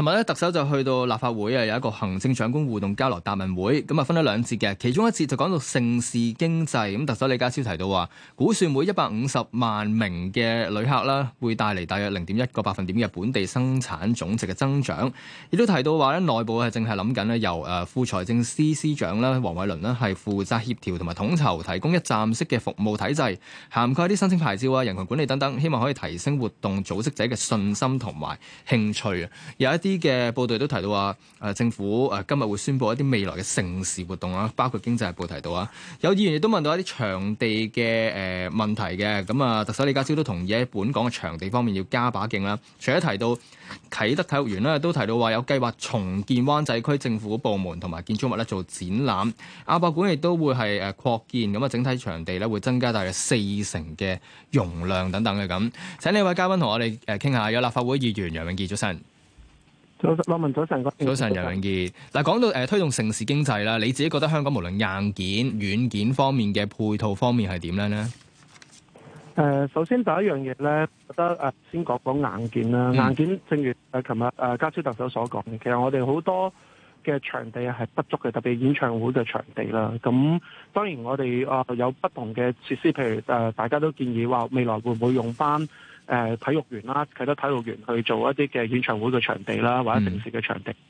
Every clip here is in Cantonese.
尋日咧，特首就去到立法會啊，有一個行政長官互動交流答問會，咁啊分咗兩節嘅，其中一節就講到盛事經濟。咁特首李家超提到話，估算每一百五十萬名嘅旅客啦，會帶嚟大約零點一個百分點嘅本地生產總值嘅增長。亦都提到話咧，內部係淨係諗緊咧，由誒副財政司司長啦，黃偉綸啦，係負責協調同埋統籌，提供一站式嘅服務體制，涵蓋啲申請牌照啊、人群管理等等，希望可以提升活動組織者嘅信心同埋興趣，有一啲。啲嘅報道都提到話誒，政府誒今日會宣布一啲未來嘅盛事活動啦，包括經濟日報提到啊，有議員亦都問到一啲場地嘅誒問題嘅。咁啊，特首李家超都同意喺本港嘅場地方面要加把勁啦。除咗提到啟德體育園咧，都提到話有計劃重建灣仔區政府部門同埋建築物咧做展覽，亞博館亦都會係誒擴建咁啊，整體場地咧會增加大約四成嘅容量等等嘅咁，請呢位嘉賓同我哋誒傾下。有立法會議員楊永杰早晨。主早晨，羅文早晨，早晨楊永杰。嗱，講到誒推動城市經濟啦，你自己覺得香港無論硬件、軟件方面嘅配套方面係點樣咧？誒、呃，首先第一樣嘢咧，我覺得誒先講講硬件啦。嗯、硬件正如誒琴日誒家超特首所講嘅，其實我哋好多嘅場地係不足嘅，特別演唱會嘅場地啦。咁當然我哋啊、呃、有不同嘅設施，譬如誒、呃、大家都建議話未來會唔會用翻？誒、呃、體育園啦，其他體育園去做一啲嘅演唱會嘅場地啦，或者盛事嘅場地，嗯、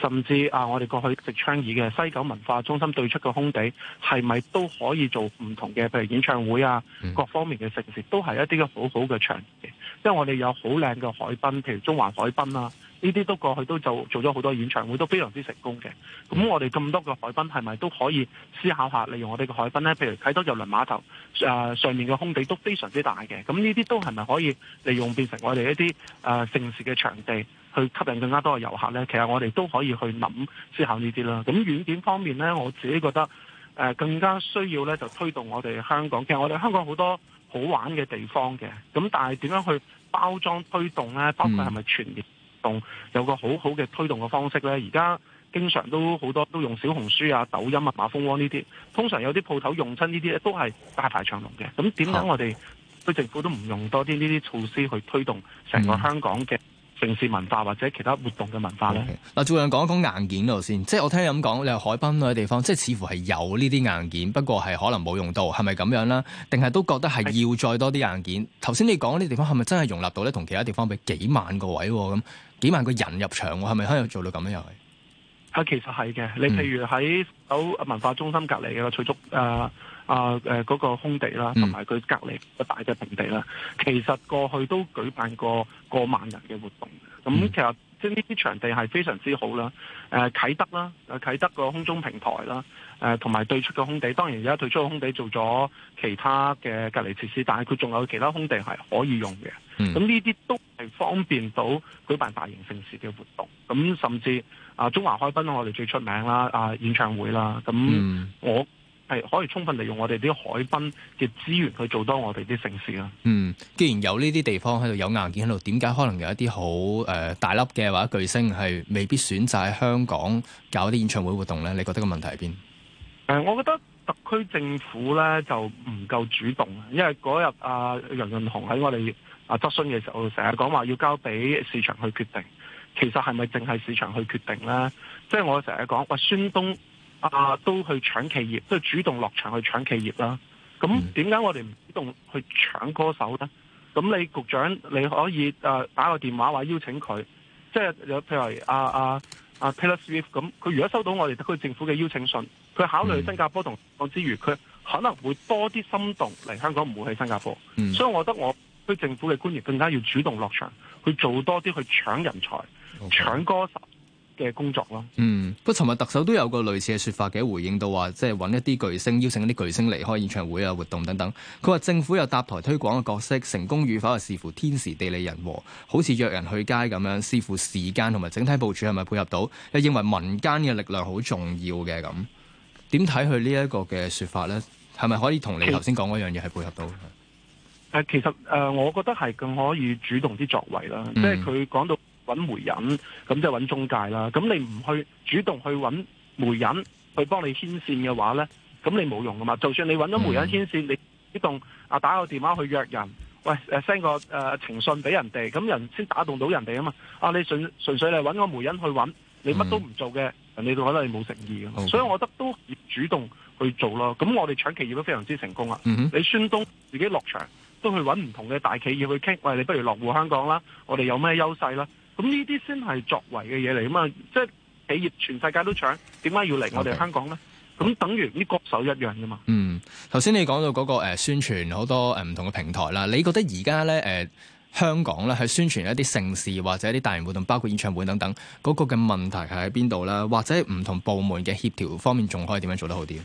甚至啊，我哋過去直槍椅嘅西九文化中心對出嘅空地，係咪都可以做唔同嘅，譬如演唱會啊，各方面嘅盛事、嗯、都係一啲嘅好好嘅場地，因為我哋有好靚嘅海濱，譬如中環海濱啊。呢啲都過去都做咗好多演唱會，都非常之成功嘅。咁我哋咁多個海濱，係咪都可以思考下利用我哋嘅海濱呢？譬如啟德郵輪碼頭、呃、上面嘅空地都非常之大嘅。咁呢啲都係咪可以利用變成我哋一啲誒、呃、城市嘅場地，去吸引更加多嘅遊客呢？其實我哋都可以去諗思考呢啲啦。咁軟件方面呢，我自己覺得、呃、更加需要呢就推動我哋香港嘅。其實我哋香港好多好玩嘅地方嘅，咁但係點樣去包裝推動呢？包括係咪全面。嗯動有個好好嘅推動嘅方式呢。而家經常都好多都用小紅書啊、抖音啊、馬蜂窩呢啲，通常有啲鋪頭用親呢啲都係大排長龍嘅。咁點解我哋對政府都唔用多啲呢啲措施去推動成個香港嘅？城市文化或者其他活動嘅文化咧，嗱，做樣講講硬件度先，即係我聽你咁講，你係海濱嗰啲地方，即係似乎係有呢啲硬件，不過係可能冇用到，係咪咁樣啦？定係都覺得係要再多啲硬件？頭先的你講啲地方係咪真係容納到咧？同其他地方比，幾萬個位喎，咁幾萬個人入場喎，係咪可以做到咁咧？又係啊，其實係嘅，你譬如喺首文化中心隔離嘅啦，翠竹啊。呃啊，誒嗰、呃那個空地啦，同埋佢隔離個大嘅平地啦，嗯、其實過去都舉辦過過萬人嘅活動。咁、嗯、其實呢啲場地係非常之好啦。誒、呃、啟德啦，誒啟德個空中平台啦，誒同埋對出嘅空地，當然而家對出嘅空地做咗其他嘅隔離設施，但係佢仲有其他空地係可以用嘅。咁呢啲都係方便到舉辦大型盛事嘅活動。咁甚至啊、呃，中環海濱我哋最出名啦，啊、呃、演唱會啦。咁、嗯、我。係可以充分利用我哋啲海濱嘅資源去做多我哋啲城市啊。嗯，既然有呢啲地方喺度，有硬件喺度，點解可能有一啲好、呃、大粒嘅或者巨星係未必選擇喺香港搞啲演唱會活動咧？你覺得個問題喺邊？誒、呃，我覺得特區政府咧就唔夠主動，因為嗰日阿楊潤雄喺我哋啊質詢嘅時候，成日講話要交俾市場去決定，其實係咪淨係市場去決定咧？即係我成日講喂，孫東。啊！都去搶企業，都主動落場去搶企業啦。咁點解我哋唔主動去搶歌手呢？咁你局長你可以誒、呃、打個電話話邀請佢，即係譬如阿阿阿 Taylor Swift 咁，佢如果收到我哋特區政府嘅邀請信，佢考慮新加坡同香港之餘，佢、嗯、可能會多啲心動嚟香港，唔會去新加坡。嗯、所以我覺得我區政府嘅官員更加要主動落場，去做多啲去搶人才、Okay. 搶歌手。嘅工作咯，啊，嗯，不過，尋日特首都有個類似嘅說法嘅，回應到話，即係揾一啲巨星，邀請一啲巨星離開演唱會啊、活動等等。佢話政府有搭台推廣嘅角色，成功與否就視乎天時地利人和，好似約人去街咁樣，視乎時間同埋整體部署係咪配合到。又認為民間嘅力量好重要嘅。咁，點睇佢呢一個嘅說法咧？係咪可以同你頭先講嗰樣嘢係配合到？其實誒、呃、我覺得係更可以主動啲作為啦，即係佢講到。揾媒人咁即係揾中介啦。咁你唔去主動去揾媒人去幫你牽線嘅話呢，咁你冇用噶嘛。就算你揾咗媒人牽線，你主動啊打個電話去約人，喂、呃、send 個誒、呃、情信俾人哋，咁人先打動到人哋啊嘛。啊你純純粹嚟揾個媒人去揾，你乜都唔做嘅，人哋就覺得你冇誠意 Okay. 所以我覺得都主動去做咯。咁我哋搶企業都非常之成功啦。Mm hmm. 你孫東自己落場都去揾唔同嘅大企業去傾，喂，你不如落戶香港啦，我哋有咩優勢啦？咁呢啲先係作為嘅嘢嚟啊嘛，即係企業全世界都搶，點解要嚟我哋香港呢？咁 Okay. 等於啲國手一樣噶嘛。嗯，頭先你講到嗰個誒宣傳好多誒唔同嘅平台啦，你覺得而家呢誒香港咧去宣傳一啲盛事或者一啲大型活動，包括演唱會等等，嗰個嘅問題係喺邊度啦？或者唔同部門嘅協調方面，仲可以點樣做得好啲？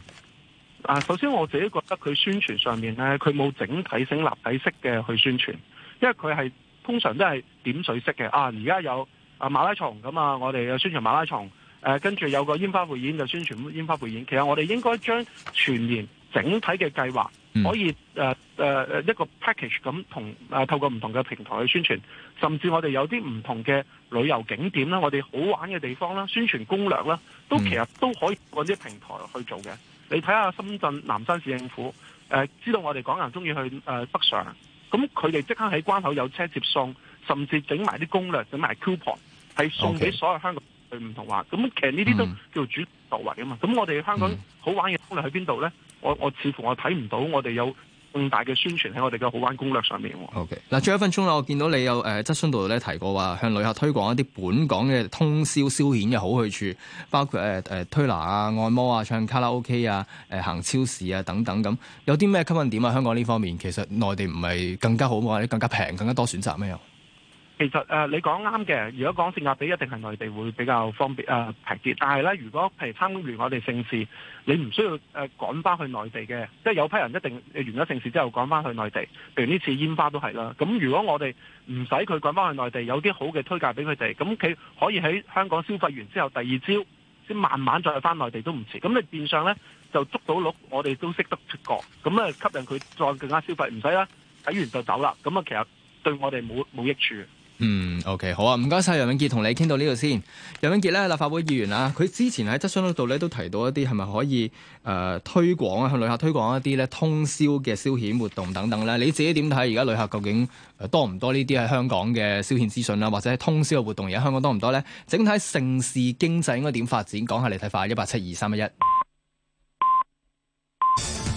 啊，首先我自己覺得佢宣傳上面咧，佢冇整體性、立體式嘅去宣傳，因為佢係。通常都係點水式嘅啊。而家有啊馬拉松咁啊，我哋有宣傳馬拉松，呃、跟住有個煙花匯演就宣傳煙花匯演。其實我哋應該將全年整體嘅計劃可以、呃呃、一個 package 咁同、呃、透過唔同嘅平台去宣傳，甚至我哋有啲唔同嘅旅遊景點啦，我哋好玩嘅地方啦，宣傳攻略啦，都其實都可以揾啲平台去做嘅。你睇下深圳南山市政府、呃、知道我哋港人中意去、呃、北上。咁佢哋即刻喺關口有車接送，甚至整埋啲攻略，整埋 coupon，係送俾所有香港去唔同話。咁其實呢啲都叫做主導位啊嘛。咁我哋香港好玩嘅攻略喺邊度咧？我我似乎我睇唔到我哋有。更大嘅宣傳喺我哋嘅好玩攻略上面。O K，嗱，最後一分鐘啦，我見到你有誒、呃、質詢度咧提過話，向旅客推廣一啲本港嘅通宵消遣嘅好去處，包括、呃、推拿啊、按摩啊、唱卡拉 OK 啊、呃、行超市啊等等咁，有啲咩吸引點啊？香港呢方面其實內地唔係更加好，或者更加平、更加多選擇咩啊？其實誒，你講啱嘅。如果講性價比，一定係內地會比較方便誒平啲。但係咧，如果譬如參與完我哋盛事，你唔需要誒、呃、趕返去內地嘅，即係有批人一定完咗盛事之後趕返去內地。譬如呢次煙花都係啦。咁如果我哋唔使佢趕返去內地，有啲好嘅推介俾佢哋，咁佢可以喺香港消費完之後，第二朝先慢慢再返內地都唔遲。咁你變相咧就捉到鹿，我哋都識得出國，咁啊吸引佢再更加消費，唔使啦，睇完就走啦。咁啊，其實對我哋冇冇益處。嗯，OK，好啊，唔該晒。楊永杰，同你傾到呢度先。楊永杰咧，立法會議員啦、啊，佢之前喺質詢嗰度咧都提到一啲係咪可以誒、呃、推廣啊，向旅客推廣一啲咧通宵嘅消遣活動等等咧。你自己點睇？而家旅客究竟多唔多呢啲喺香港嘅消遣資訊啦，或者係通宵嘅活動，而家香港多唔多咧？整體城市經濟應該點發展？講下你睇法。一八七二三一一。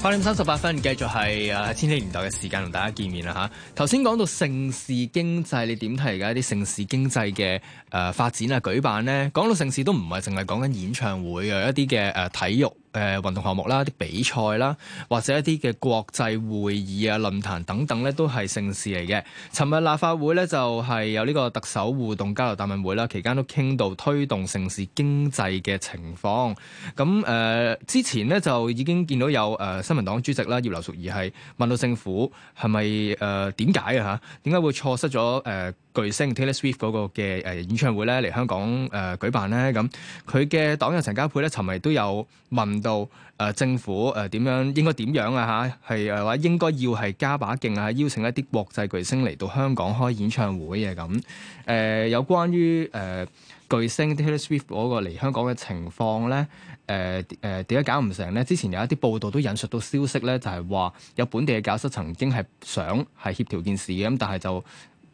八點三十八分，繼續係誒千禧年代嘅時間同大家見面啦吓。頭先講到盛事經濟，你點睇而家一啲盛事經濟嘅、誒發展啊、舉辦咧？講到盛事都唔係淨係講緊演唱會啊一啲嘅、誒體育。誒、呃、運動項目啦、啲比賽啦，或者一啲嘅國際會議啊、論壇等等咧，都係盛事嚟嘅。尋日立法會咧就係、是、有呢個特首互動交流大問會啦，期間都傾到推動城市經濟嘅情況。咁誒、呃、之前咧就已經見到有、呃、新民黨主席啦葉劉淑儀係問到政府係咪誒點解啊？嚇，點解會錯失咗誒、呃、巨星 Taylor Swift 嗰個嘅、呃、演唱會咧？嚟香港誒、呃、舉辦咧？咁佢嘅黨友陳家佩咧尋日都有問。到誒、呃、政府誒點樣應該點樣啊？嚇係話應該要係加把勁啊！邀請一啲國際巨星嚟到香港開演唱會嘅咁誒，有關於誒、呃、巨星 Taylor Swift 嗰個嚟香港嘅情況咧，誒誒點解搞唔成咧？之前有一啲報道都引述到消息咧，就係、是、話有本地嘅教質曾經係想係協調件事嘅，咁但係就誒、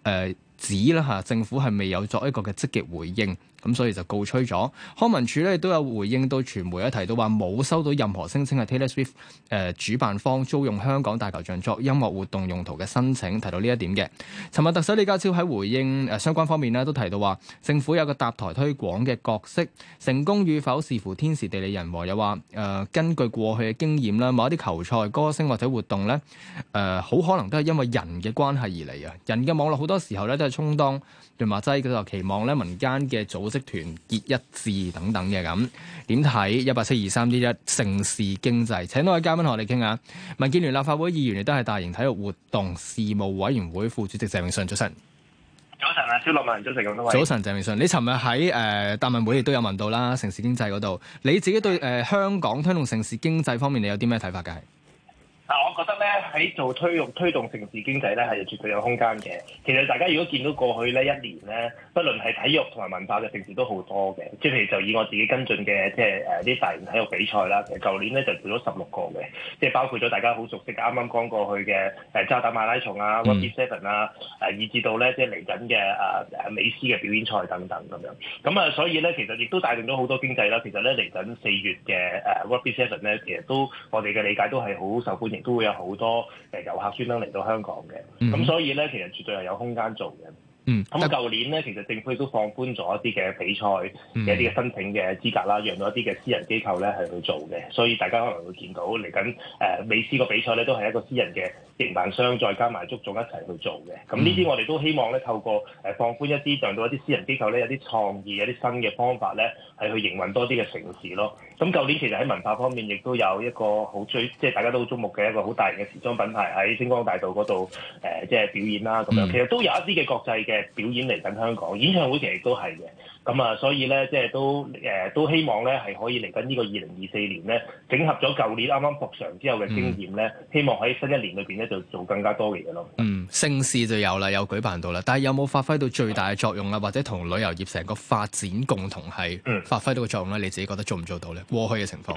呃、指啦嚇、啊，政府係未有作一個嘅積極回應。咁所以就告吹咗。康文署咧都有回應到傳媒，一提到話冇收到任何聲稱係 Taylor Swift 誒、呃、主辦方租用香港大球場作音樂活動用途嘅申請，提到呢一點嘅。尋日特首李家超喺回應誒、呃、相關方面咧，都提到話政府有個搭台推廣嘅角色，成功與否視乎天時地利人和說。又話誒根據過去嘅經驗啦，某一啲球賽、歌星或者活動咧，誒、呃、好可能都係因為人嘅關係而嚟啊。人嘅網絡好多時候咧都係充當潤滑劑，佢就期望咧民間嘅組織團結一致等等嘅，咁，點睇？一八七二三之一，城市經濟，請多位嘉賓同我哋傾下。民建聯立法會議員亦都係大型體育活動事務委員會副主席鄭泳舜早晨。早晨啊，朱樂文，早晨咁多位。早晨，鄭泳舜。你尋日喺誒答問會，亦都有問到啦，城市經濟嗰度，你自己對誒、呃、香港推動城市經濟方面，你有啲咩睇法嘅？但我覺得咧喺做推動推動城市經濟咧係絕對有空間嘅。其實大家如果見到過去呢一年咧，不論係體育同埋文化嘅盛事都好多嘅。即係就以我自己跟進嘅，即係誒啲大型體育比賽啦。其實舊年咧就做咗十六個嘅，即係包括咗大家好熟悉啱啱講過去嘅誒、呃、渣打馬拉松啊、Rocky、mm. Seven 啊，誒以至到咧即係嚟緊嘅誒誒美斯嘅表演賽等等咁樣。咁、嗯、啊，所以咧其實亦都帶動咗好多經濟啦。其實咧嚟緊四月嘅誒 Rocky Seven 咧，呃、其實都我哋嘅理解都係好受歡迎。都會有好多誒遊客專登嚟到香港嘅，咁、mm. 所以咧其實絕對係有空間做嘅。嗯、mm.，咁啊舊年咧其實政府亦都放寬咗一啲嘅比賽嘅、mm. 一啲嘅申請嘅資格啦，讓到一啲嘅私人機構咧係去做嘅。所以大家可能會見到嚟緊誒美斯個比賽咧都係一個私人嘅營辦商再加埋足總一齊去做嘅。咁呢啲我哋都希望咧透過誒放寬一啲，讓到一啲私人機構咧有啲創意、有啲新嘅方法咧係去營運多啲嘅城市咯。咁舊年其實喺文化方面亦都有一個好追，即係大家都好注目嘅一個好大型嘅時裝品牌喺星光大道嗰度誒，即係表演啦咁樣。其實都有一啲嘅國際嘅表演嚟緊香港，演唱會其實都係嘅。咁啊，所以咧，即係都誒，都希望咧，係可以嚟緊呢個二零二四年咧，整合咗舊年啱啱復常之後嘅經驗咧，希望喺新一年裏邊咧，就做更加多嘅嘢咯。嗯，盛事就有啦，有舉辦到啦，但係有冇發揮到最大嘅作用啊？或者同旅遊業成個發展共同係發揮到個作用咧？你自己覺得做唔做到咧？過去嘅情況。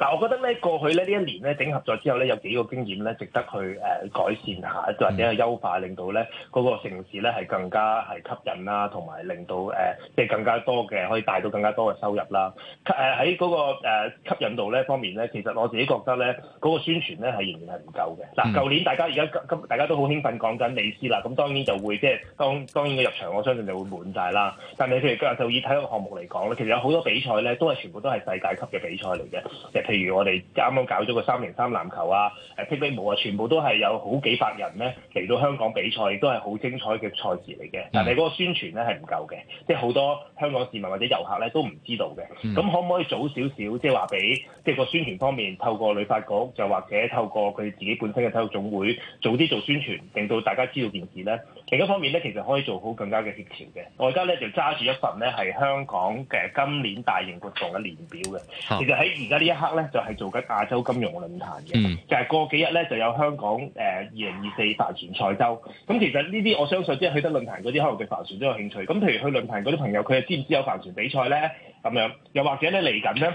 但我覺得咧，過去咧呢一年咧整合咗之後咧，有幾個經驗咧，值得去誒改善下，或者去優化，令到咧嗰個城市咧係更加係吸引啦，同埋令到誒即係更加多嘅可以帶到更加多嘅收入啦。喺嗰個吸引度呢方面咧，其實我自己覺得咧嗰個宣傳咧係仍然係唔夠嘅。嗱，舊年大家而家今大家都好興奮講緊美斯啦，咁當然就會即係當當然嘅入場我相信就會滿晒啦。但你譬如今日就以體育項目嚟講咧，其實有好多比賽咧都係全部都係世界級嘅比賽嚟嘅。譬如我哋啱啱搞咗個三零三籃球啊，誒霹靂舞啊，全部都係有好幾百人咧嚟到香港比賽，都係好精彩嘅賽事嚟嘅。但係嗰個宣傳咧係唔夠嘅，即係好多香港市民或者遊客咧都唔知道嘅。咁、嗯、可唔可以早少少，即係話俾即係個宣傳方面，透過旅發局，就或者透過佢自己本身嘅體育總會，早啲做宣傳，令到大家知道件事咧。另一方面咧，其實可以做好更加嘅協調嘅。我而家咧就揸住一份咧係香港嘅今年大型活動嘅年表嘅，其實喺而家呢一刻咧。就係做緊亞洲金融論壇嘅，嗯、就係過幾日咧就有香港誒二零二四帆船賽週。咁其實呢啲我相信，即係去得論壇嗰啲可能對帆船都有興趣。咁譬如去論壇嗰啲朋友，佢係知唔知有帆船比賽咧？咁樣又或者咧，嚟緊咧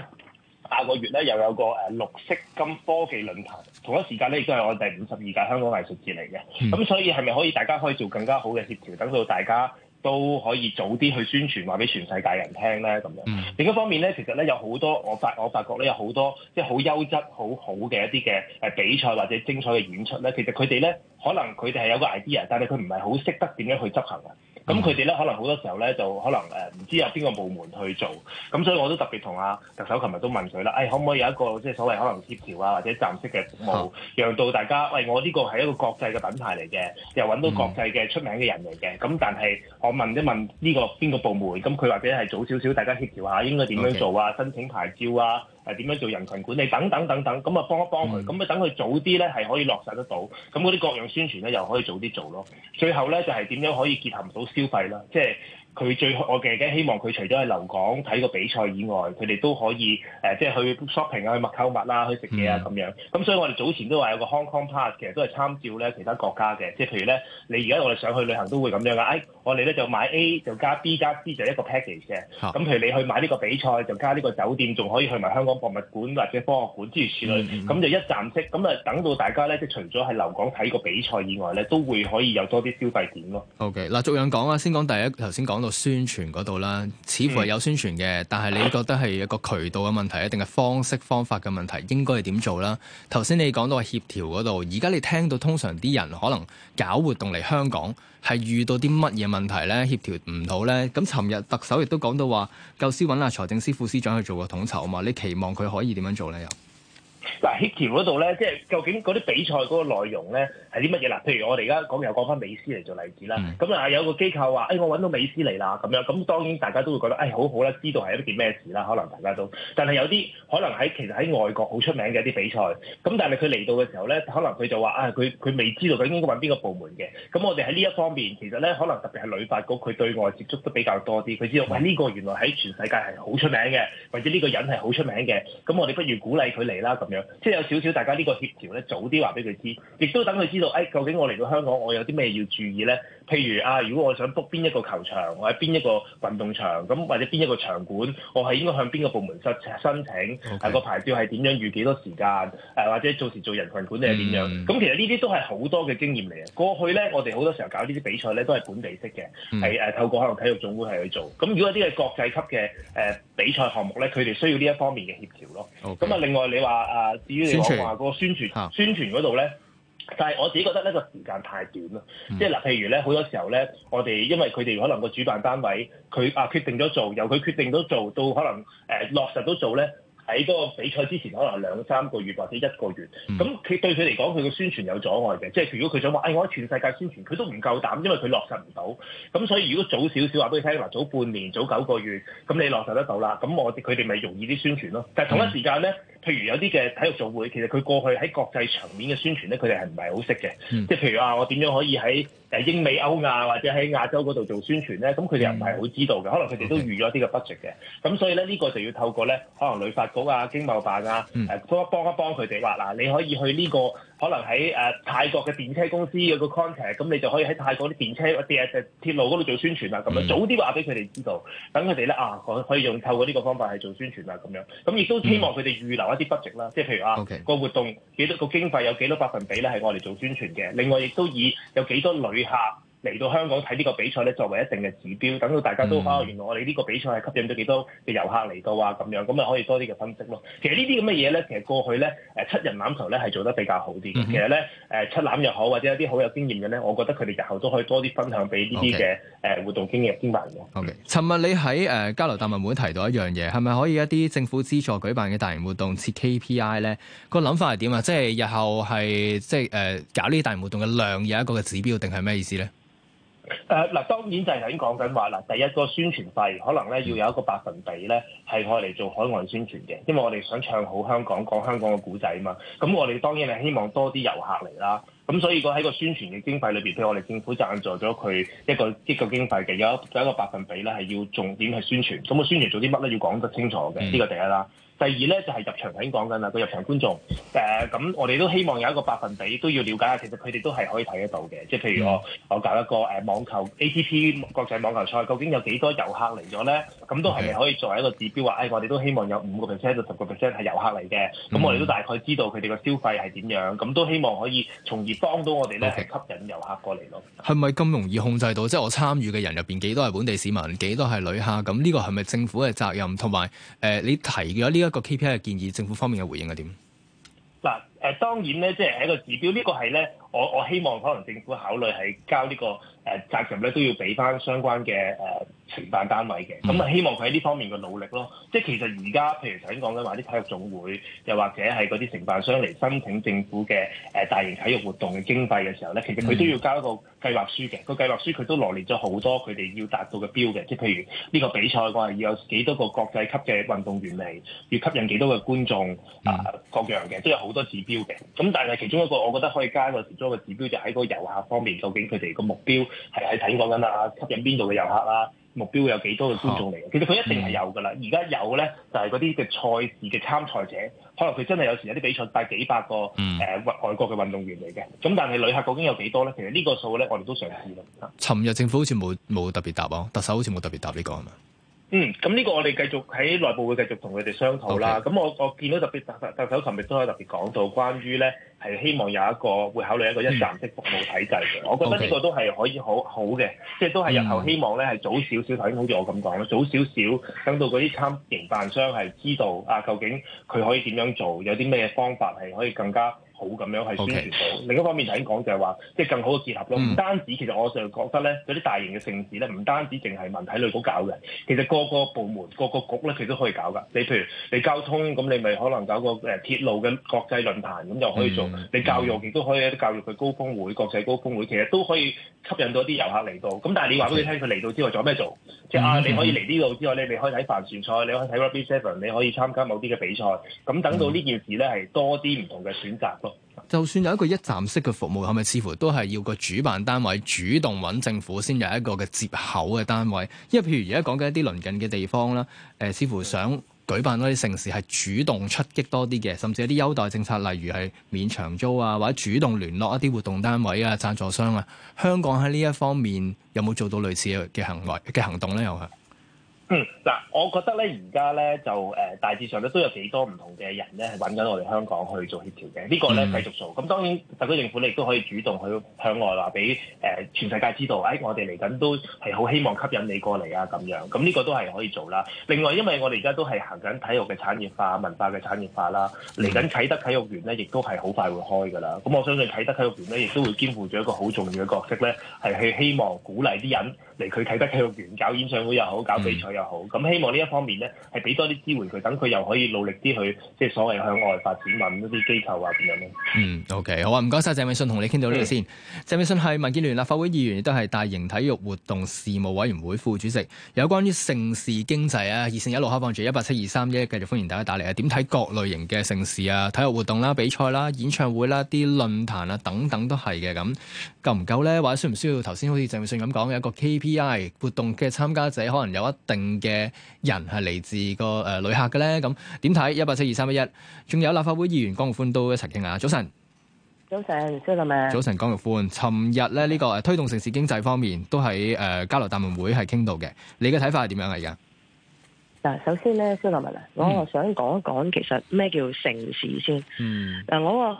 下個月咧又有個誒綠色金科技論壇，同一時間咧亦都係我哋第五十二屆香港藝術節嚟嘅。咁、嗯、所以係咪可以大家可以做更加好嘅協調，等到大家都可以早啲去宣傳，話俾全世界人聽咧。咁樣另一方面咧，其實咧有好多我發，我發覺咧有好多即係好優質好好嘅一啲嘅誒比賽或者精彩嘅演出咧。其實佢哋咧可能佢哋係有個 idea，但係佢唔係好識得點樣去執行嘅。咁佢哋咧，可能好多時候咧，就可能誒唔知有邊個部門去做，咁所以我都特別同阿特首琴日都問佢啦，誒、哎、可唔可以有一個即係所謂可能協調啊，或者暫時嘅服務，好讓到大家，喂，我呢個係一個國際嘅品牌嚟嘅，又搵到國際嘅、嗯、出名嘅人嚟嘅，咁但係我問一問呢、呢個邊個部門，咁佢或者係早少少，大家協調下應該點樣做啊，Okay. 申請牌照啊。係點樣做人群管理等等等等，咁啊幫一幫佢，咁啊是的 等佢早啲咧係可以落實得到，咁嗰啲各樣宣傳咧又可以早啲做咯。最後咧就係、是、點樣可以結合唔到消費啦，即係。佢最我嘅希望佢除咗喺留港睇個比賽以外，佢哋都可以誒、呃，即係去 shopping 啊、去物購物啦、去食嘢啊咁樣。咁所以我哋早前都話有個 Hong Kong Pass，其實都係參照咧其他國家嘅，即係譬如咧，你而家我哋上去旅行都會咁樣噶。誒、哎，我哋咧就買 A 就加 B 加 C 就係一個 package 嘅、啊。咁譬如你去買呢個比賽就加呢個酒店，仲可以去埋香港博物館或者科學館之類。咁、嗯、就一站式。咁啊等到大家咧，即係除咗喺留港睇個比賽以外咧，都會可以有多啲消費點咯。O K，嗱逐樣講啦，先講第一頭先講。個宣傳嗰度啦，似乎係有宣傳嘅，但係你覺得係一個渠道嘅問題，定係方式方法嘅問題？應該係點做啦？頭先你講到係協調嗰度，而家你聽到通常啲人可能搞活動嚟香港，係遇到啲乜嘢問題呢？協調唔到呢？咁尋日特首亦都講到話，教司揾阿財政司副司長去做個統籌啊嘛，你期望佢可以點樣做呢？又？嗱，協調嗰度咧，即係究竟嗰啲比賽嗰個內容咧係啲乜嘢啦？譬如我哋而家講又講翻美斯嚟做例子啦，咁啊、mm hmm. 有個機構話，誒、哎、我揾到美斯嚟啦，咁樣，咁當然大家都會覺得，誒、哎、好好啦，知道係一件咩事啦，可能大家都，但係有啲可能喺其實喺外國好出名嘅一啲比賽，咁但係佢嚟到嘅時候咧，可能佢就話，啊佢佢未知道佢應該揾邊個部門嘅，咁我哋喺呢一方面，其實咧可能特別係旅發局，佢對外接觸得比較多啲，佢知道，喂、哎、呢、呢個原來喺全世界係好出名嘅，或者呢個人係好出名嘅，咁我哋不如鼓勵佢嚟啦，咁樣。即係有少少大家呢個協調咧，早啲話俾佢知，亦都等佢知道，誒、哎、究竟我嚟到香港，我有啲咩要注意咧？譬如啊，如果我想 book 邊一個球場，我喺邊一個運動場，咁或者邊一個場館，我係應該向邊個部門申申請？個 Okay.、啊、牌照係點樣預幾多時間？誒、啊、或者做時做人群管理係點樣？咁、嗯、其實呢啲都係好多嘅經驗嚟啊。過去咧，我哋好多時候搞呢啲比賽咧，都係本地式嘅，係誒、嗯、透過可能體育總會係去做。咁如果啲係國際級嘅誒、呃、比賽項目咧，佢哋需要呢一方面嘅協調咯。咁啊，另外你話啊～至於你講話個宣傳、宣傳嗰度咧，但係我自己覺得呢個時間太短啦。即係嗱，譬如咧，好多時候咧，我哋因為佢哋可能個主辦單位佢啊決定咗做，由佢決定咗做到可能、呃、落實到做咧，喺嗰個比賽之前可能兩三個月或者一個月，咁佢、嗯、對佢嚟講佢個宣傳有阻礙嘅。即係如果佢想話，誒、哎、我喺全世界宣傳，佢都唔夠膽，因為佢落實唔到。咁所以如果早少少話俾你聽，話早半年、早九個月，咁你落實得到啦，咁我哋佢哋咪容易啲宣傳咯。但係同一時間咧，嗯譬如有啲嘅體育總會，其實佢過去喺國際層面嘅宣傳咧，佢哋係唔係好識嘅？即係譬如話，我點樣可以喺誒英美歐亞或者喺亞洲嗰度做宣傳咧？咁佢哋又唔係好知道嘅，可能佢哋都預咗啲嘅 budget 嘅。咁 Okay. 所以咧，呢個就要透過咧，可能旅發局啊、經貿辦啊，誒、嗯、幫一幫佢哋話嗱，你可以去呢個。可能喺誒、呃、泰國嘅電車公司有個 contact 咁你就可以喺泰國啲電車、鐵鐵鐵路嗰度做宣傳啦，咁樣早啲話俾佢哋知道，等佢哋咧啊，可可以用透過呢個方法去做宣傳啦，咁樣，咁亦都希望佢哋預留一啲 budget 啦，即係譬如 Okay. 啊、個活動幾多個經費有幾多百分比咧係我哋做宣傳嘅，另外亦都以有幾多旅客。嚟到香港睇呢個比賽咧，作為一定嘅指標，等到大家都哦，嗯、原來我哋呢個比賽係吸引咗幾多嘅遊客嚟到啊，咁樣咁啊可以多啲嘅分析咯。其實呢啲咁嘅嘢咧，其實過去咧誒、呃、七人欖球咧係做得比較好啲嘅。嗯、哼其實咧誒、呃、七欖又好，或者一啲好有經驗嘅咧，我覺得佢哋日後都可以多啲分享俾呢啲嘅誒活動經驗先辦公。咁嘅 Okay. Okay.。尋日你喺誒交流大會會提到一樣嘢，係咪可以一啲政府資助舉辦嘅大型活動設 KPI 咧？個諗法係點啊？即係日後係即係誒、呃、搞呢啲大型活動嘅量有一個嘅指標，定係咩意思咧？誒嗱、呃，當然就係頭先講緊話啦。第一個宣傳費可能咧要有一個百分比咧，係我嚟做海外宣傳嘅，因為我哋想唱好香港，講香港嘅古仔嘛。咁我哋當然係希望多啲遊客嚟啦。咁所以個喺個宣傳嘅經費裏邊，譬如我哋政府贊助咗佢一個啲個經費嘅，有有一個百分比咧係要重點去宣傳。咁、那個宣傳做啲乜咧？要講得清楚嘅，呢、這個第一啦。第二咧就係、是、入場，頭先講緊啦，個入場觀眾咁、呃、我哋都希望有一個百分比都要了解下，其實佢哋都係可以睇得到嘅，即係譬如我我搞一個誒網球 ATP 國際網球賽，究竟有幾多遊客嚟咗咧？咁都係咪可以作為一個指標啊、哎？我哋都希望有五個 percent 到十個 percent 係遊客嚟嘅，咁我哋都大概知道佢哋個消費係點樣，咁都希望可以從而幫到我哋咧 Okay. 吸引遊客過嚟咯。係咪咁容易控制到？即係我參與嘅人入面幾多係本地市民，幾多係旅客？咁呢個係咪政府嘅責任？同埋、呃、你提咗呢、這個一個 KPI 嘅建議，政府方面嘅回應係點？嗱，誒，當然咧，即係係一個指標。呢個係咧，我我希望可能政府考慮係交呢個。誒責任咧都要俾翻相關嘅誒承辦單位嘅，咁啊希望佢喺呢方面嘅努力咯。即係其實而家譬如頭先講緊，話啲體育總會又或者係嗰啲承辦商嚟申請政府嘅誒、呃、大型體育活動嘅經費嘅時候咧，其實佢都要交一個計劃書嘅。這個計劃書佢都羅列咗好多佢哋要達到嘅標嘅，即係譬如呢個比賽嘅話要有幾多個國際級嘅運動員嚟，要吸引幾多個觀眾啊、呃、各樣嘅，都有好多指標嘅。咁但係其中一個我覺得可以加一個其中嘅指標，就喺個遊客方面，究竟佢哋個目標。係係頭先講緊啦，吸引邊度嘅遊客啦，目標有幾多嘅觀眾嚟？好其實佢一定係有噶啦，而家、嗯、有咧就係嗰啲嘅賽事嘅參賽者，可能佢真係有時有啲比賽帶幾百個誒、嗯呃、外國嘅運動員嚟嘅。咁但係旅客究竟有幾多咧？其實呢個數咧，我哋都嘗試啦。尋日政府好似冇冇特別答喎，特首好似冇特別答呢、呢個係咪？嗯，咁呢個我哋繼續喺內部會繼續同佢哋商討啦。咁 Okay. 我我見到特別特特特首尋日都有特別講到關於咧，係希望有一個會考慮一個一站式服務體制嘅。嗯、我覺得呢個都係可以好好嘅，即、就、係、是、都係日後希望咧係早少少睇，好似我咁講啦，早少少等到嗰啲參營辦商係知道啊，究竟佢可以點樣做，有啲咩方法係可以更加。好，咁樣係宣傳到。Okay. 另一方面先講就係話，即、就、係、是、更好嘅結合咯。唔、mm. 單止，其實我就覺得咧，嗰啲大型嘅城市咧，唔單止淨係文體類嗰搞嘅，其實個個部門、個個局咧，佢都可以搞噶。你譬如你交通，咁你咪可能搞個誒鐵路嘅國際論壇，咁就可以做。Mm. 你教育，亦都可以喺啲教育嘅高峰會、國際高峰會，其實都可以吸引到啲遊客嚟到。咁但係你話俾你聽，佢嚟 Okay. 到之外仲有咩做？即係啊，你可以嚟呢度之外咧，你可以睇帆船賽，你可以睇 Ruby s 你可以參加某啲嘅比賽。咁等到呢件事咧，係、mm. 多啲唔同嘅選擇就算有一個一站式嘅服務，係咪似乎都係要個主辦單位主動揾政府先有一個嘅接口嘅單位？因為譬如而家講緊一啲鄰近嘅地方啦、呃，似乎想舉辦多啲城市係主動出擊多啲嘅，甚至一啲優待政策，例如係免長租啊，或者主動聯絡一啲活動單位啊、贊助商啊。香港喺呢一方面有冇做到類似嘅行為嘅行動呢？又係？嗯嗱，我覺得咧，而家咧就誒大致上咧都有幾多唔同嘅人咧，係揾緊我哋香港去做協調嘅，呢、呢個咧繼續做。咁、嗯、當然，特區政府咧亦都可以主動去向外話俾誒全世界知道，誒我哋嚟緊都係好希望吸引你過嚟啊咁樣。咁呢個都係可以做啦。另外，因為我哋而家都係行緊體育嘅產業化、文化嘅產業化啦，嚟緊啟德體育園咧，亦都係好快會開㗎啦。咁我相信啟德體育園咧，亦都會肩負住一個好重要嘅角色咧，係去希望鼓勵啲人。嚟啟德體育園搞演唱會又好，搞比賽又好，咁、嗯、希望呢一方面呢，係俾多啲支援佢，等佢又可以努力啲去，即係所謂向外發展，揾啲機構啊咁樣咯。嗯，OK，好啊，唔該晒，鄭泳舜，同你傾到呢度先。鄭是泳舜係民建聯立法會議員，亦都係大型體育活動事務委員會副主席。有關於盛事經濟啊，熱線一路開放住，一八七二三一，繼續歡迎大家打嚟啊！點睇各類型嘅盛事啊，體育活動啦、啊、比賽啦、啊、演唱會啦、啊、啲論壇啊等等都係嘅咁，夠唔夠呢？或者需唔需要頭先好似鄭泳舜咁講嘅一個 k。k E.I. 活動嘅參加者可能有一定嘅人係嚟自個誒旅客嘅咧，咁點睇？一八七二三一一，仲、呃呃、有立法會議員江玉歡都一齊傾下。早晨，早晨，肖立文。早晨，江玉歡。尋日咧呢、這個推動盛事經濟方面都喺誒交流大聯盟係傾到嘅，你嘅睇法係點樣嚟㗎？嗱，首先咧，肖立文啊，嗯、我想講一講，其實咩叫盛事先？嗯，嗱，我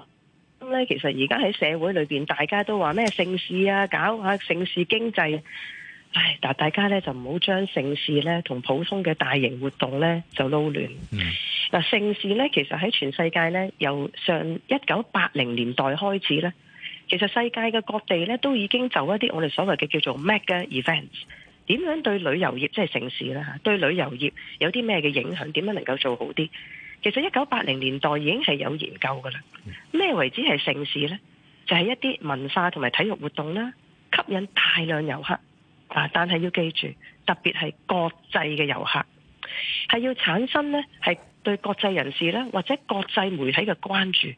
咧其實而家喺社會裏邊，大家都話咩盛事啊，搞下盛事經濟。唉，嗱，大家咧就唔好將盛事咧同普通嘅大型活動咧就撈亂。嗱、嗯，盛事咧其實喺全世界咧由上一九八零年代開始咧，其實世界嘅各地咧都已經就一啲我哋所謂嘅叫做 mega events。點樣對旅遊業即係、就是、盛事啦吓？對旅遊業有啲咩嘅影響？點樣能夠做好啲？其實一九八零年代已經係有研究㗎喇。咩為之係盛事咧？就係、是、一啲文化同埋體育活動啦，吸引大量遊客。啊！但係要記住，特別係國際嘅遊客，係要產生呢係對國際人士呢或者國際媒體嘅關注，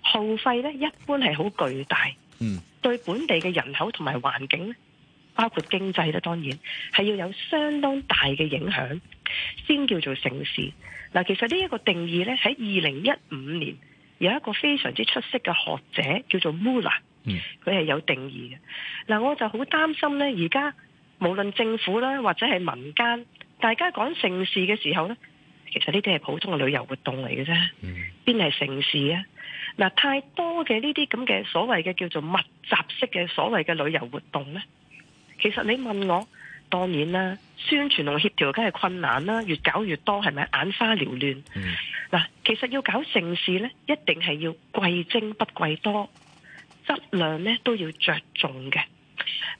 耗費呢一般係好巨大。對本地嘅人口同埋環境呢，包括經濟咧，當然係要有相當大嘅影響，先叫做城市。嗱，其實呢一個定義呢喺二零一五年有一個非常之出色嘅學者叫做 Mula。佢係、嗯、有定義嘅。嗱，我就好擔心呢。而家無論政府啦，或者係民間，大家講盛事嘅時候呢，其實呢啲係普通嘅旅遊活動嚟嘅啫。邊係盛事啊？嗱，太多嘅呢啲咁嘅所謂嘅叫做密集式嘅所謂嘅旅遊活動呢。其實你問我，當然啦，宣傳同協調梗係困難啦，越搞越多係咪？是不是眼花繚亂。嗱、嗯，其實要搞盛事呢，一定係要貴精不貴多。質量咧都要着重嘅。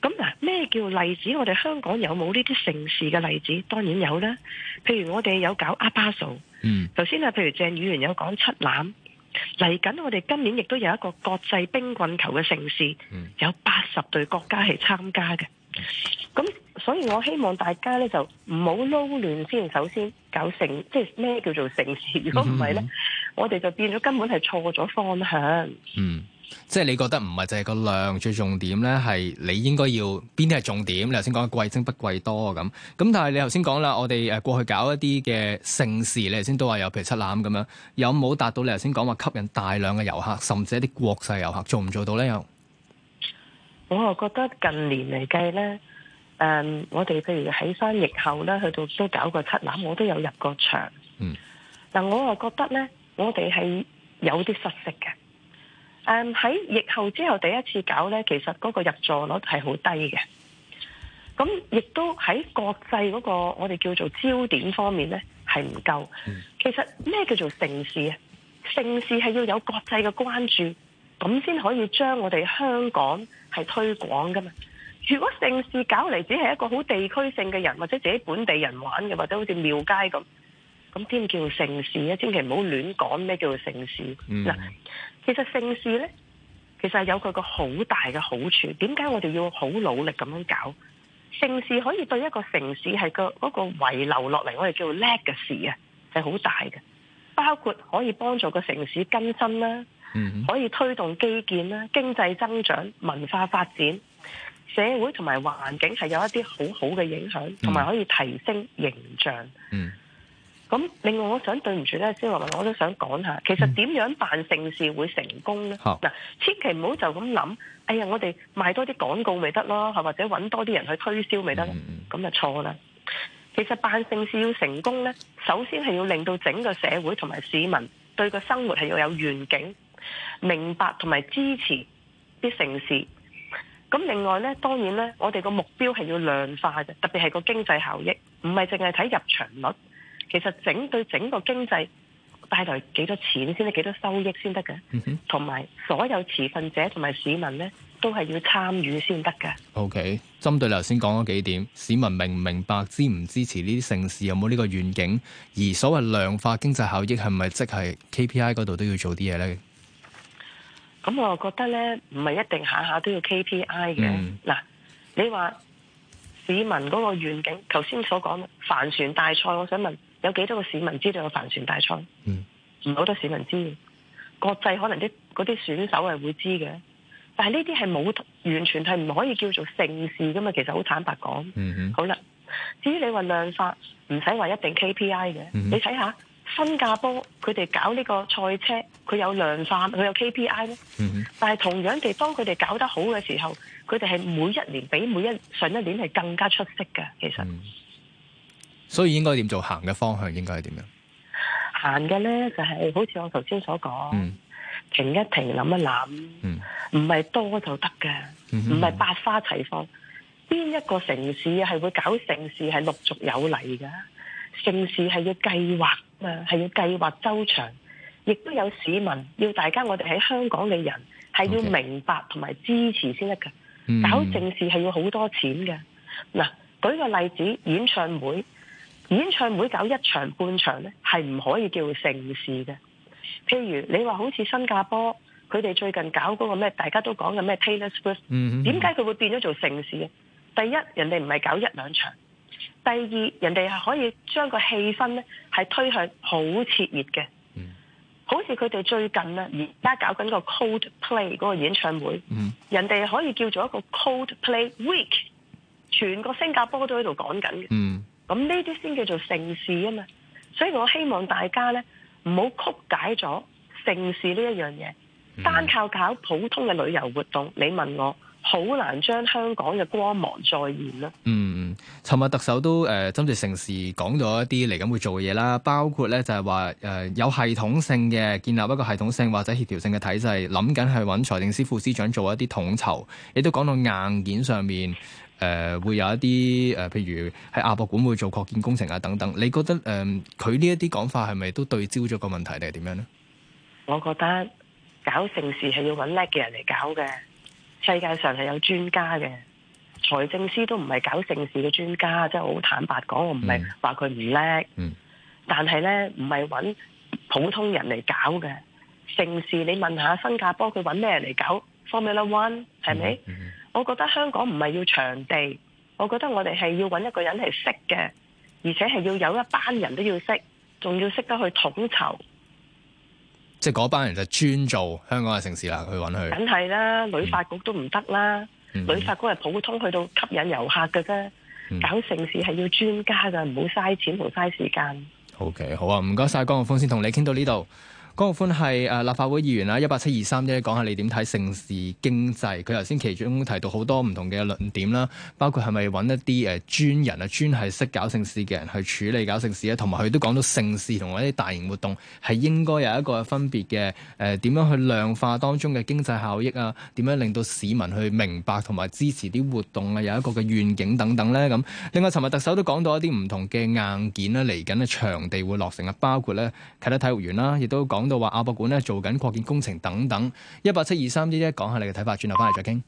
咁、嗯、嗱，咩叫例子？我哋香港有冇呢啲盛事嘅例子？當然有啦。譬如我哋有搞阿巴數，嗯，頭先啊，譬如鄭議員有講七欖嚟緊，來我哋今年亦都有一個國際冰棍球嘅盛事，有八十隊國家係參加嘅。咁、嗯、所以我希望大家咧就唔好撈亂先，首先搞成即係咩叫做盛事？如果唔係咧，嗯嗯，我哋就變咗根本係錯咗方向。嗯。即係你覺得唔係淨係個量最重點咧，係你應該要邊啲係重點？你頭先講貴精不貴多咁。咁但係你頭先講啦，我哋誒過去搞一啲嘅盛事，你頭先都話有，譬如七欖咁樣，有冇達到你頭先講話吸引大量嘅遊客，甚至一啲國際遊客做唔做到咧？我又覺得近年嚟計咧，誒、嗯，我哋譬如喺山疫後咧，去到都搞過七欖，我都有入過場。嗯。嗱，我又覺得咧，我哋係有啲失色嘅。誒，喺、um, 疫後之後第一次搞呢，其實嗰個入座率係好低嘅。咁亦都喺國際嗰、嗰個我哋叫做焦點方面呢，係唔夠。其實咩叫做盛事啊？盛事係要有國際嘅關注，咁先可以將我哋香港係推廣噶嘛。如果盛事搞嚟只係一個好地區性嘅人或者自己本地人玩嘅，或者好似廟街咁，咁點叫盛事啊？千祈唔好亂講咩叫做盛事嗱。Mm. 其實城市呢，其實有佢個好大嘅好處。點解我哋要好努力咁樣搞？城市可以對一個城市係個嗰個遺留落嚟，我哋叫 legacy 啊，係好大嘅。包括可以幫助個城市更新啦，嗯、哼可以推動基建啦、經濟增長、文化發展、社會同埋環境係有一啲好好嘅影響，同埋可以提升形象。嗯咁另外，我想對唔住咧，焦華文，我都想講下，其實點樣辦盛事會成功咧？嗱，千祈唔好就咁諗，哎呀，我哋賣多啲廣告咪得咯，或或者揾多啲人去推銷咪得咯，咁就錯啦。其實辦盛事要成功咧，首先係要令到整個社會同埋市民對個生活係要有願景、明白同埋支持啲城市。咁另外咧，當然咧，我哋個目標係要量化嘅，特別係個經濟效益，唔係淨係睇入場率。其實整對整個經濟帶來幾多錢先得、幾多收益先得嘅，同埋、嗯、哼所有持份者同埋市民呢，都係要參與先得嘅。O K.，針對你頭先講嗰幾點，市民明唔明白、支唔支持呢啲盛事有冇呢個願景，而所謂量化經濟效益係咪即係 K P I 嗰度都要做啲嘢呢？咁我覺得呢，唔係一定下下都要 K P I 嘅。嗱、嗯，你話市民嗰個願景，頭先所講帆船大賽，我想問。有幾多個市民知道個帆船大賽？嗯，唔好多市民知嘅。國際可能啲嗰啲選手係會知嘅，但係呢啲係冇完全係唔可以叫做盛事噶嘛。其實好坦白講、嗯，嗯好啦。至於你話量化，唔使話一定 KPI 嘅。嗯、你睇下新加坡佢哋搞呢個賽車，佢有量化，佢有 KPI 呢、嗯。嗯但係同樣地，當佢哋搞得好嘅時候，佢哋係每一年比每一上一年係更加出色嘅，其實。嗯。所以應該點做？行嘅方向應該係點樣？行嘅咧就係、是、好似我頭先所講，嗯、停一停，諗一諗，唔係、嗯、多就得嘅，唔係百花齊放。邊一個城市係會搞盛事係陸續有嚟嘅？盛事係要計劃啊，係要計劃周詳。亦都有市民要大家，我哋喺香港嘅人係要明白同埋支持先得嘅。嗯、搞盛事係要好多錢嘅。嗱，舉個例子，演唱會。演唱會搞一場半場咧，係唔可以叫做盛事嘅。譬如你話好似新加坡，佢哋最近搞嗰個咩，大家都講緊咩 Taylor Swift，點解佢會變咗做盛事嘅？第一，人哋唔係搞一兩場；第二，人哋係可以將個氣氛咧係推向熾熱嘅、mm hmm. 好熾熱嘅。嗯。好似佢哋最近咧，而家搞緊個 Cold Play 嗰個演唱會，嗯、mm，hmm. 人哋可以叫做一個 Cold Play Week，全個新加坡都喺度講緊嘅。嗯。咁呢啲先叫做盛事啊嘛，所以我希望大家呢唔好曲解咗盛事呢一樣嘢，單靠搞普通嘅旅遊活動，你問我好難將香港嘅光芒再現啦。嗯嗯，尋日特首都誒、呃、針對盛事講咗一啲嚟緊會做嘅嘢啦，包括呢就係話誒有系統性嘅建立一個系統性或者協調性嘅體制，諗緊去揾財政司副司長做一啲統籌，亦都講到硬件上面。誒、呃、會有一啲誒、呃，譬如喺亞博館會做擴建工程啊等等。你覺得誒佢呢一啲講法係咪都對焦咗個問題定係點樣呢？我覺得搞盛事係要揾叻嘅人嚟搞嘅，世界上係有專家嘅。財政司都唔係搞盛事嘅專家，即係好坦白講，我唔係話佢唔叻，嗯、但係呢唔係揾普通人嚟搞嘅盛事。你問下新加坡佢揾咩人嚟搞 Formula One 係咪？嗯嗯我覺得香港唔係要場地，我覺得我哋係要揾一個人嚟識嘅，而且係要有一班人都要識，仲要識得去統籌。即係嗰班人就專做香港嘅城市啦，去揾佢。梗係啦，旅發局都唔得啦，旅發局、嗯、係普通去到吸引遊客嘅啫，嗯、搞城市係要專家噶，唔好嘥錢，唔好嘥時間。OK，好啊，唔該晒江玉歡，先同你傾到呢度。江玉歡係立法會議員啊，一八七二三，一講下你點睇盛事經濟。佢頭先其中提到好多唔同嘅論點啦，包括係咪揾一啲誒專人啊，專係識搞盛事嘅人去處理搞盛事咧，同埋佢都講到盛事同一啲大型活動係應該有一個分別嘅誒，點、呃、樣去量化當中嘅經濟效益啊？點樣令到市民去明白同埋支持啲活動啊？有一個嘅願景等等咧咁。另外，尋日特首都講到一啲唔同嘅硬件啦，嚟緊嘅場地會落成啊，包括呢啟德體育園啦，亦都講。都話亞博館咧做緊擴建工程等等，一八七二三一一講下你嘅睇法，轉頭翻嚟再傾。